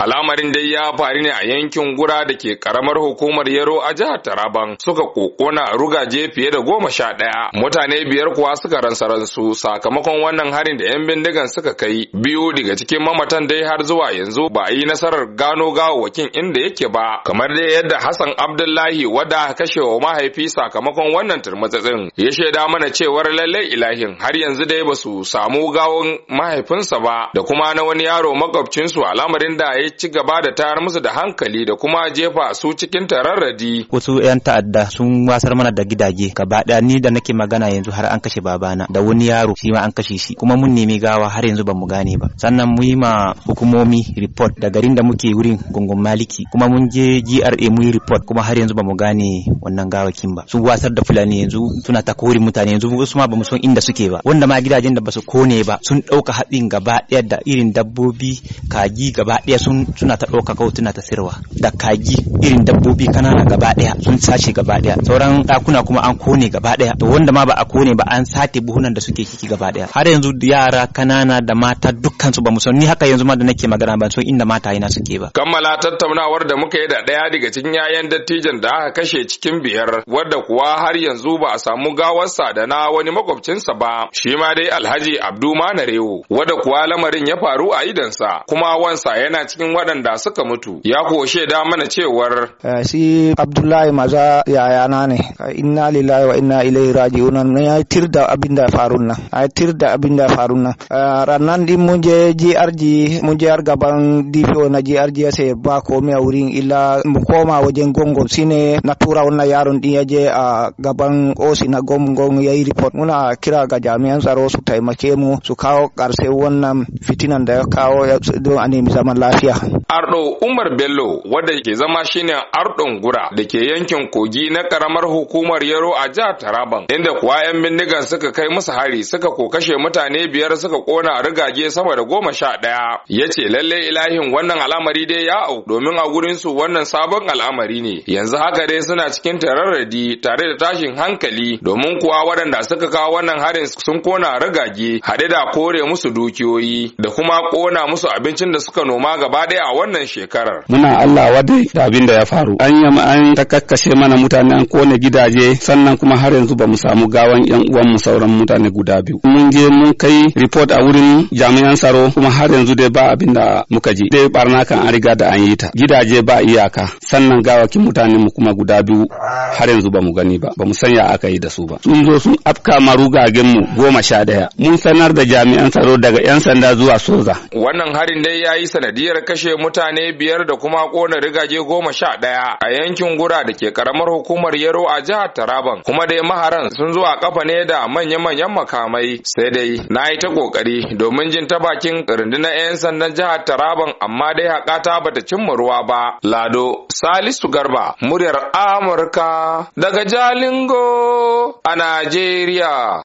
Al'amarin dai ya faru ne a yankin gura da ke karamar hukumar Yaro a jihar Taraban suka kokona rugaje fiye da goma sha ɗaya. Mutane biyar kuwa suka ransa ransu sakamakon wannan harin da 'yan bindigan suka kai biyu daga cikin mamatan dai har zuwa yanzu ba a yi nasarar gano gawawwakin inda yake ba kamar dai yadda Hassan Abdullahi wada kashewa mahaifi sakamakon wannan turmutsatsin ya shaida mana cewar lallai ilahin har yanzu dai ba su samu gawon mahaifinsa ba da kuma na wani yaro makwabcinsu al'amarin da ya ci gaba da tayar musu da hankali da kuma jefa su cikin tararradi. Wasu 'yan ta'adda sun wasar mana da gidaje gaba ɗaya ni da nake magana yanzu har an kashe babana da wani yaro shi ma an kashe shi kuma mun nemi gawa har yanzu mu gane ba. Sannan mu yi ma hukumomi report da garin da muke wurin gungun maliki kuma mun je GRA mu yi report kuma har yanzu ba mu gane wannan gawakin ba. Sun wasar da fulani yanzu suna ta kori mutane yanzu wasu ma bamu san inda suke ba. Wanda ma gidajen da basu kone ba sun ɗauka haɗin gaba ɗaya da irin dabbobi kaji gaba ɗaya sun suna ta ɗauka hotuna ta sirwa da kagi irin dabbobi kanana gaba ɗaya sun sace gaba ɗaya sauran ɗakuna kuma an kone gaba ɗaya to wanda ma ba a kone ba an sate buhunan da suke kiki gaba ɗaya har yanzu yara kanana da mata dukkan su ba san ni haka yanzu ma da nake magana ban san inda mata yana suke ba kammala tattaunawar da muka yi da ɗaya daga cikin yayan dattijan da aka kashe cikin biyar wadda kuwa har yanzu ba a samu gawarsa da na wani makwabcinsa ba shi ma dai alhaji abdu manarewo wadda kuwa lamarin ya faru a idansa kuma wansa yana cikin cikin waɗanda suka mutu ya kuwa shaida mana cewar eh, si abdullahi maza yayana ne eh, inna lillahi wa inna ilaihi raji'un ya tir da abin da faru nan ya tir da abin da faru nan eh, ranan din mun je GRG mun je har gaban DPO na GRG ya sai ba komai a wurin illa mu koma wajen gongo shine na tura wannan yaron din ya je a gaban osi na gongon ya yi report muna kira ga jami'an tsaro su taimake mu su kawo karshe wannan fitinan da ya kawo don a nemi zaman lafiya Arɗo Ardo Umar Bello wadda ke zama shine Ardon gura da ke yankin kogi na karamar hukumar Yaro a jihar Taraban inda kuwa 'yan bindigan suka kai musu hari suka ko kashe mutane biyar suka kona rigage sama da goma sha ɗaya. Ya ce lalle ilahin wannan al'amari dai ya au domin a gurin su wannan sabon al'amari ne. Yanzu haka dai suna cikin tararradi tare da tashin hankali domin kuwa waɗanda suka kawo wannan harin sun kona rigage haɗe da kore musu dukiyoyi da kuma kona musu abincin da suka noma gaba dai a wannan shekarar. Muna Allah wadai da abin da ya faru. An yi an ta mana mutane an kone gidaje sannan kuma har yanzu ba mu samu gawan yan mu sauran mutane guda biyu. Mun je mun kai report a wurin jami'an tsaro kuma har yanzu dai ba abin da muka ji. Dai barna kan an riga da an yi ta. Gidaje ba iyaka sannan gawakin mutane mu kuma guda biyu har yanzu ba mu gani ba. Ba mu sanya aka yi da su ba. Sun zo sun afka marugagen mu goma sha ɗaya. Mun sanar da jami'an tsaro daga 'yan sanda zuwa soja. Wannan harin dai ya yi sanadiyar kashe kashe mutane biyar da kuma kona rigaje goma sha ɗaya a yankin gura da ke karamar hukumar Yaro a jihar Taraban kuma dai maharan sun zo a kafa ne da manya-manyan makamai sai dai na yi ta kokari domin jin ta bakin rundunar 'yan sandan jihar Taraban amma dai haƙata bata cimma ruwa ba. Lado Salisu Garba muryar Amurka daga Jalingo a Najeriya.